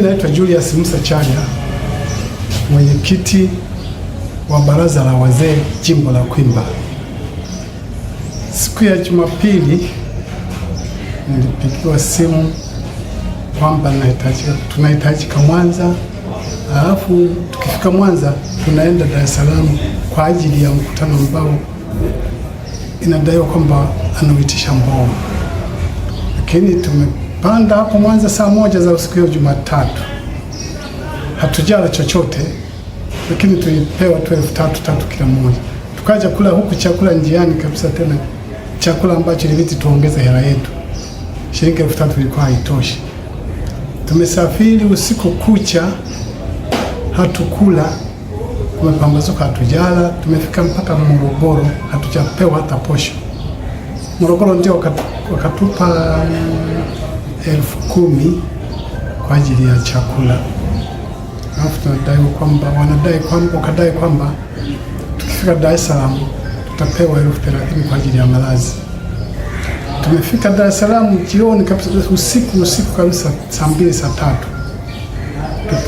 Mimi naitwa Julius Musa Chaga, mwenyekiti wa baraza la wazee jimbo la Kwimba. Siku ya Jumapili nilipigiwa simu kwamba tunahitajika Mwanza, alafu tukifika Mwanza tunaenda Dar es Salaam kwa ajili ya mkutano ambao inadaiwa kwamba anawitisha Mbowe, lakini tume panda hapo Mwanza saa moja za usiku ya Jumatatu. Hatujala chochote lakini tulipewa tu elfu tatu tatu kila mmoja, tukaja kula huku chakula njiani kabisa, tena chakula ambacho ilibidi tuongeze hela yetu, shilingi elfu tatu ilikuwa haitoshi. Tumesafiri usiku kucha, hatukula, kumepambazuka, hatujala. Tumefika mpaka Morogoro, hatujapewa hata posho. Morogoro ndio wakatupa elfu kumi kwa ajili ya chakula. Alafu tunadai kwamba wanadai kwamba wakadai kwamba tukifika Dar es Salaam tutapewa elfu thelathini kwa ajili ya malazi. Tumefika Dar es Salaam jioni kabisa, usiku usiku kabisa, saa mbili saa tatu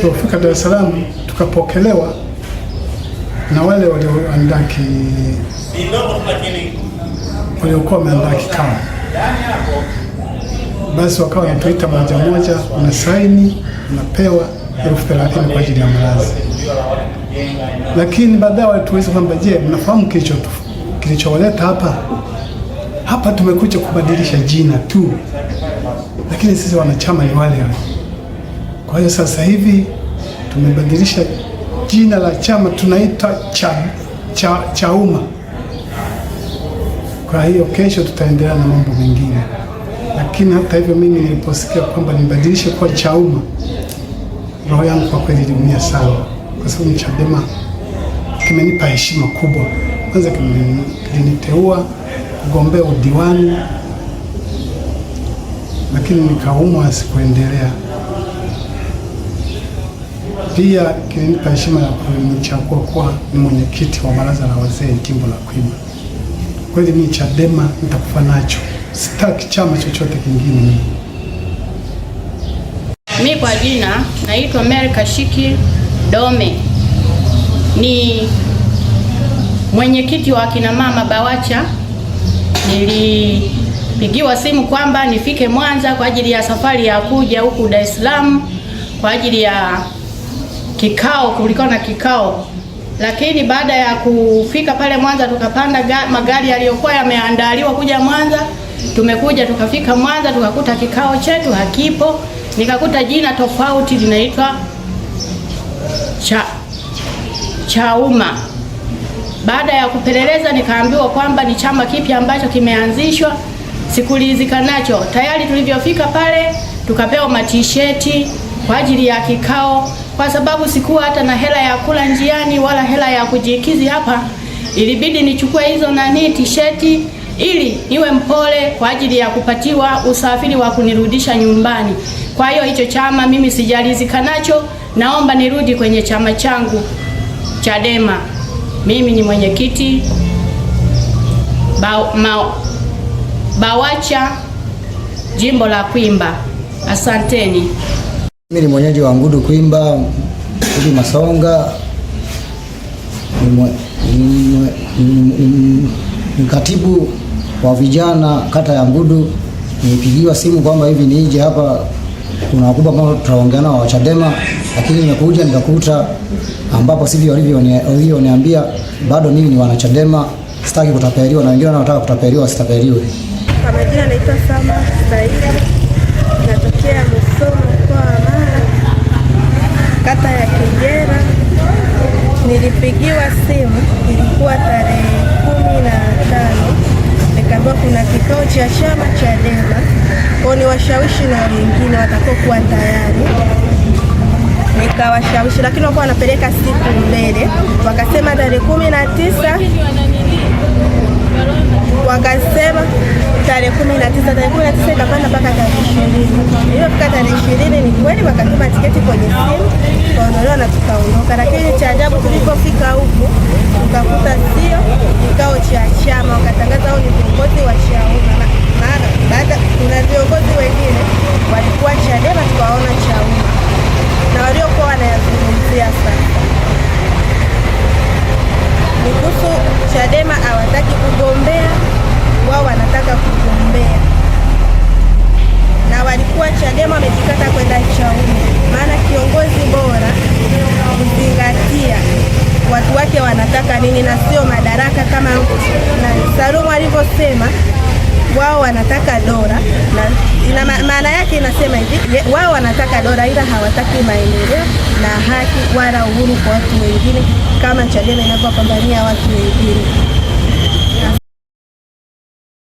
tulipofika Dar es Salaam tukapokelewa na wale walioandaki waliokuwa wameandaa kikao basi wakawa wanatuita moja moja, saini unapewa elfu thelathini kwa ajili ya malazi. Lakini baadaye walituuliza kwamba je, mnafahamu kilicho kilichowaleta hapa? Hapa tumekuja kubadilisha jina tu, lakini sisi wanachama ni wale wale. Kwa hiyo sasa hivi tumebadilisha jina la chama, tunaita cha, cha, Chauma. Kwa hiyo kesho tutaendelea na mambo mengine. Lakini hata hivyo, mimi niliposikia kwamba nibadilishe kuwa Chauma, roho yangu kwa kweli ilimia sana, kwa sababu Chadema kimenipa heshima kubwa. Kwanza kiliniteua kugombea udiwani, lakini nikaumwa, sikuendelea. Pia kilinipa heshima ya kunichagua kuwa ni mwenyekiti wa baraza la wazee jimbo la Kwima. Kweli mimi Chadema nitakufa nacho sitaki chama chochote kingine. Mimi kwa jina naitwa Mary Kashiki Dome, ni mwenyekiti wa kina mama Bawacha. Nilipigiwa simu kwamba nifike Mwanza kwa ajili ya safari ya kuja huku Dar es Salaam kwa ajili ya kikao, kulikuwa na kikao lakini baada ya kufika pale Mwanza tukapanda magari yaliyokuwa yameandaliwa kuja Mwanza. Tumekuja tukafika Mwanza tukakuta kikao chetu hakipo, nikakuta jina tofauti linaitwa cha Chauma. Baada ya kupeleleza, nikaambiwa kwamba ni chama kipya ambacho kimeanzishwa, sikulizika nacho. Tayari tulivyofika pale tukapewa matisheti kwa ajili ya kikao, kwa sababu sikuwa hata na hela ya kula njiani wala hela ya kujikizi hapa, ilibidi nichukue hizo nani tisheti ili niwe mpole kwa ajili ya kupatiwa usafiri wa kunirudisha nyumbani. Kwa hiyo hicho chama mimi sijalizika nacho, naomba nirudi kwenye chama changu Chadema. Mimi ni mwenyekiti ba, BAWACHA jimbo la Kwimba. Asanteni. Mimi ni mwenyeji wa Ngudu Kwimba, Ngudu Masonga. Katibu wa vijana kata ya Ngudu nilipigiwa simu kwamba hivi nije hapa, kuna wakubwa ambao tutaongeana nao wa Chadema, lakini nimekuja nikakuta ambapo sivyo walivyoniambia. Bado mimi ni wanachadema sitaki kutapeliwa na wengine wanaotaka kutapeliwa wasitapeliwe. Kwa majina naitwa Sama Saida, natokea Musoma, mkoa wa Mara, kata ya Kigera. Nilipigiwa simu ilikuwa tarehe nikaambiwa kuna kikao cha chama cha Dema kwao, ni washawishi na wengine watakao kuwa tayari. Nikawashawishi, lakini walikuwa wanapeleka siku mbele, wakasema tarehe kumi na tisa wakasema tarehe kumi na tisa tarehe kumi na tisa ikapanda mpaka tarehe ishirini iliyofika tarehe ishirini ni kweli wakatuma tiketi kwenye simu tukaondolewa na tukaondoka. Lakini cha ajabu tulipofika huku tukakuta sio kikao cha chama, wakatangaza au ni viongozi wa chama, maana baada kuna viongozi wanataka nini na sio madaraka kama na Salumu alivyosema wao wanataka dola na maana yake inasema hivi, wao wanataka dola ila hawataki maendeleo na haki wala uhuru kwa watu wengine, kama Chadema inavyopambania watu wengine.